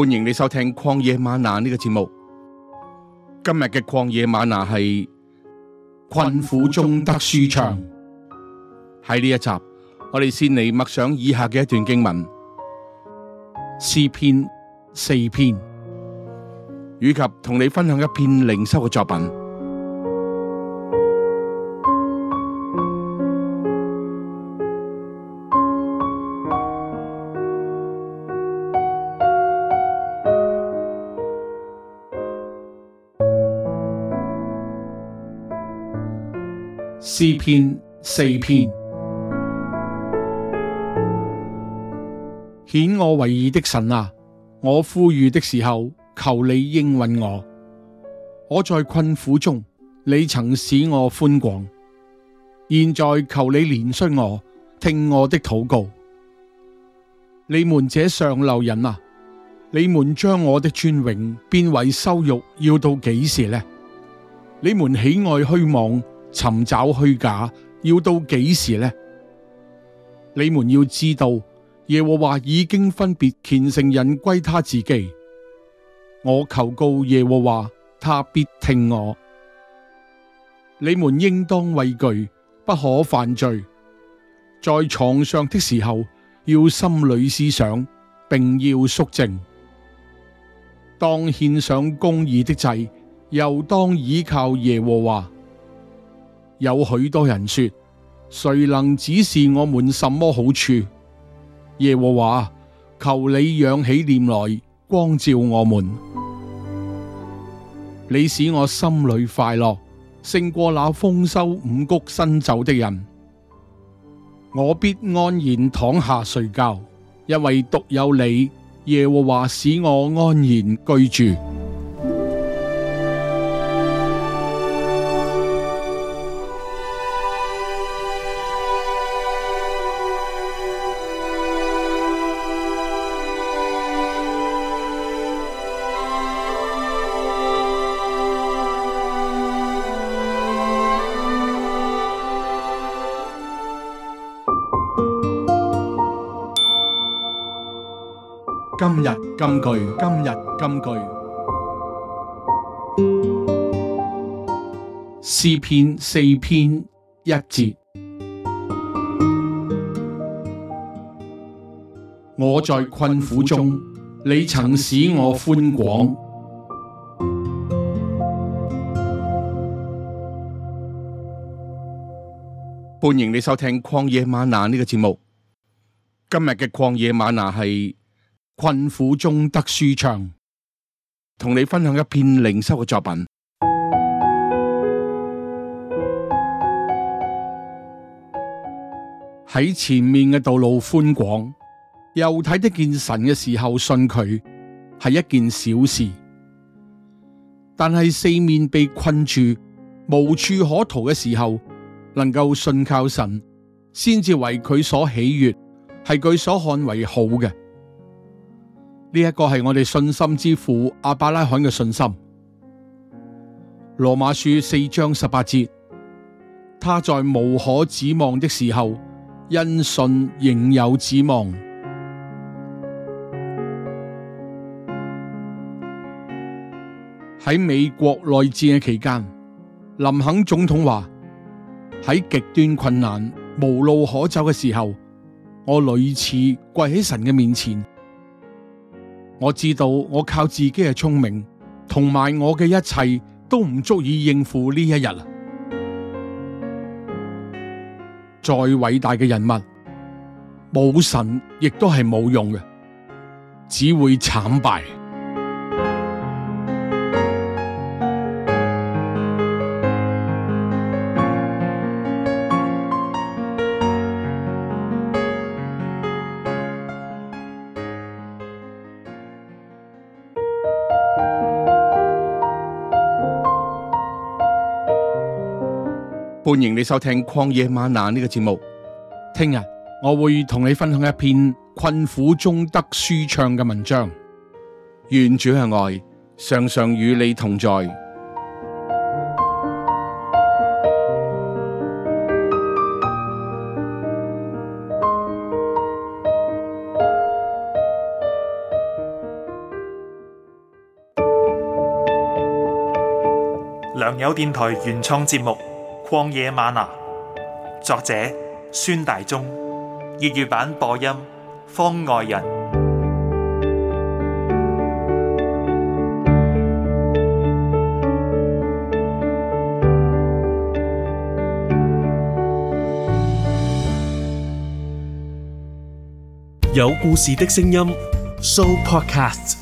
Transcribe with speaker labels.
Speaker 1: 歡迎你收聽曠野嗎哪呢、這個節目。今日嘅曠野嗎哪係困苦中得舒暢。喺呢一集，我哋先嚟默想以下嘅一段經文，詩篇四篇，以及同你分享一篇靈修嘅作品。詩篇四篇，顯我為義的神啊，我呼籲的時候，求你應允我。我在困苦中，你曾使我寬廣，現在求你憐恤我，聽我的禱告。你們這上流人啊，你們將我的尊榮變為羞辱，要到幾時呢？你們喜愛虛妄。尋找虛假要到幾時呢？你們要知道，耶和華已經分別虔誠人歸他自己。我求告耶和華，他必聽我。你們應當畏懼，不可犯罪。在床上的時候，要心裏思想，並要肅靜。當獻上公義的祭，又當依靠耶和華。有許多人說，誰能指示我們什麼好處？耶和華，求你仰起臉來光照我們，你使我心裏快樂，勝過那豐收五穀新酒的人。我必安然躺下睡覺，因為獨有你，耶和華使我安然居住。今日金句，今日金句，詩篇四篇一節。我在困苦中，你曾使我寬廣。歡迎你收聽曠野嗎哪呢個節目。今日嘅曠野嗎哪係。困苦中得舒暢，同你分享一篇靈修嘅作品。喺 前面嘅道路寬廣，又睇得見神嘅時候，信佢係一件小事。但係四面被困住，無處可逃嘅時候，能夠信靠神，先至為佢所喜悅，係佢所看為好嘅。呢一個係我哋信心之父亞伯拉罕嘅信心。羅馬書四章十八節，他在無可指望的時候，因信仍有指望。喺美國內戰嘅期間，林肯總統話：喺極端困難、無路可走嘅時候，我屢次跪喺神嘅面前。我知道我靠自己嘅聰明，同埋我嘅一切都唔足以應付呢一日。再偉大嘅人物，冇神亦都係冇用嘅，只會慘敗。歡迎你收聽曠野嗎哪呢個節目。聽日我會同你分享一篇困苦中得舒暢嘅文章。願主嘅愛常常與你同在。良友電台原創節目。曠野嗎哪，作者孫大中，粵語版播音方外人，有故事的聲音 show podcasts。